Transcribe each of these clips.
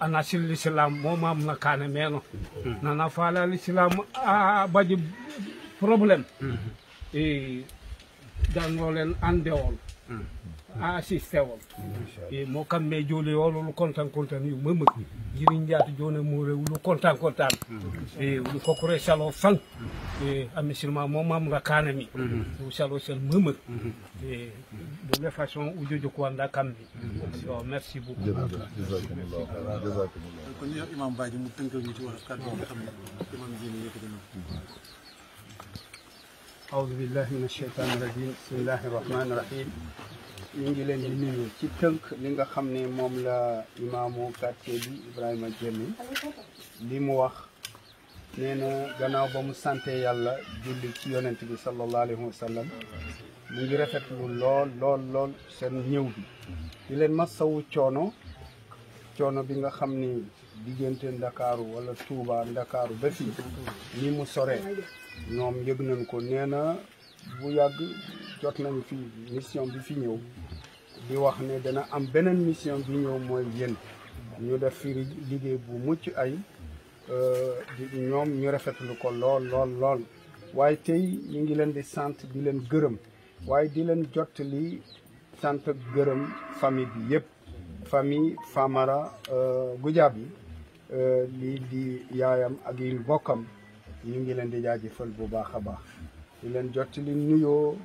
anasil l'islam momam na kane meno hmm. nana fala l'islam a baji problème i hmm. dango len andewol hmm. assisté ah, woon eh, moo kam me joole yoolo lu kontaan kontaan yu mamak jiriñ jaatu joone mo rew lu kontaan kontaan e woni kokkore salo fan e eh, amisilma momam rakane mi o mm-hmm. salo sel mamak e de la façon o jojo ko anda kam mi yo mm-hmm. merci beaucoup jazakumullah kon yo imam Badji mu tënkal ñu ci wala kàddu nga xam ne imam jini yëkkati na أعوذ بالله من الشيطان الرجيم بسم الله ñu ngi leen di nuyu ci tënk li nga xam ne moom la imaamu quartier bi Ibrahima Diémé li mu wax nee na gannaaw ba mu sante yàlla julli ci yonent bi sallallahu alayhi wa sallam mu ngi rafetlu lool lool seen ñëw bi di leen masawu coono coono bi nga xam ni diggante ndakaaru walla Touba ndakaaru ba fii ni mu soree ñoom yëg nañ ko nee bu yàgg jot nañu fi mission bi fi ñëw di wax ne dana am beneen mission bi ñëw mooy yéen ñu def fi liggéey bu mucc ay euh, di ñoom ñu rafetlu ko lool lool lool waaye tey ñu ngi leen di sant di leen gërëm waaye di leen jot li sant gërëm famille bi yëpp famille Famara euh, Goudiaby bi euh, lii di yaayam ak yi mbokkam ñu ngi leen di jaajëfal bu baax a baax di leen jottali nuyoo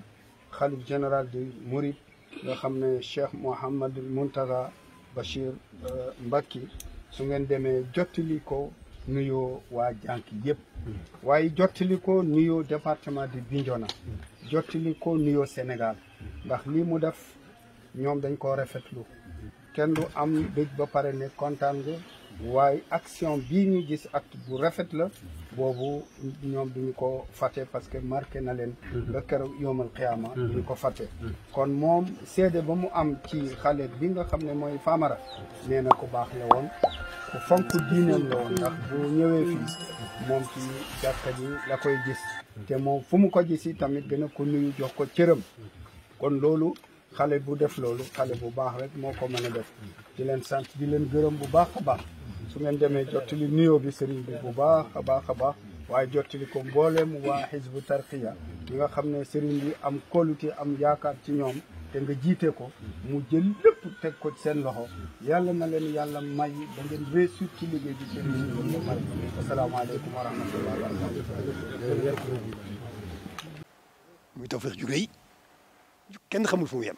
xalif général di Mouride nga xam ne Cheikh Mouhamadul Mountaga Bachir euh, Mbacke su ngeen demee jottali ko nuyoo waa jànk yëpp waaye jottali ko nuyoo département di Bignona jottali ko nuyoo Sénégal ndax lii mu def ñoom dañ koo rafetlu kenn du am dëj ba pare ne kontaan nga waaye action bii ñu gis ak bu rafet la boobu ñoom duñu ko fàtte parce que marqué na leen mhm. ba keroog yoomal xiyaama mhm. duñu ko fàtte mhm. kon moom seede ba mu am ci xale bi nga xam ne mooy Famara nee na ku baax la woon ku fonk diineem la woon ndax bu ñëwee fii moom ci jàkka ji la koy gis te moom fu mu ko gisi tamit gën a ko nuyu jox ko cëram kon loolu xale bu def loolu xale bu baax rek moo ko mën a def di leen sant di leen gërëm bu baax a baax su ngeen demee jottali nuyoo bi sëriñ bi bu baax a baax a baax waaye jottali ko mbooleem waa xisbu tarxiya ñi nga xam ne sëriñ bi am kóolute am yaakaar ci ñoom te nga jiite ko mu jël lépp teg ko ci seen loxo yàlla na leen yàlla may da ngeen ci liggéey bi sëriñ bi ba muy tawfeex ju kenn xamul fu yem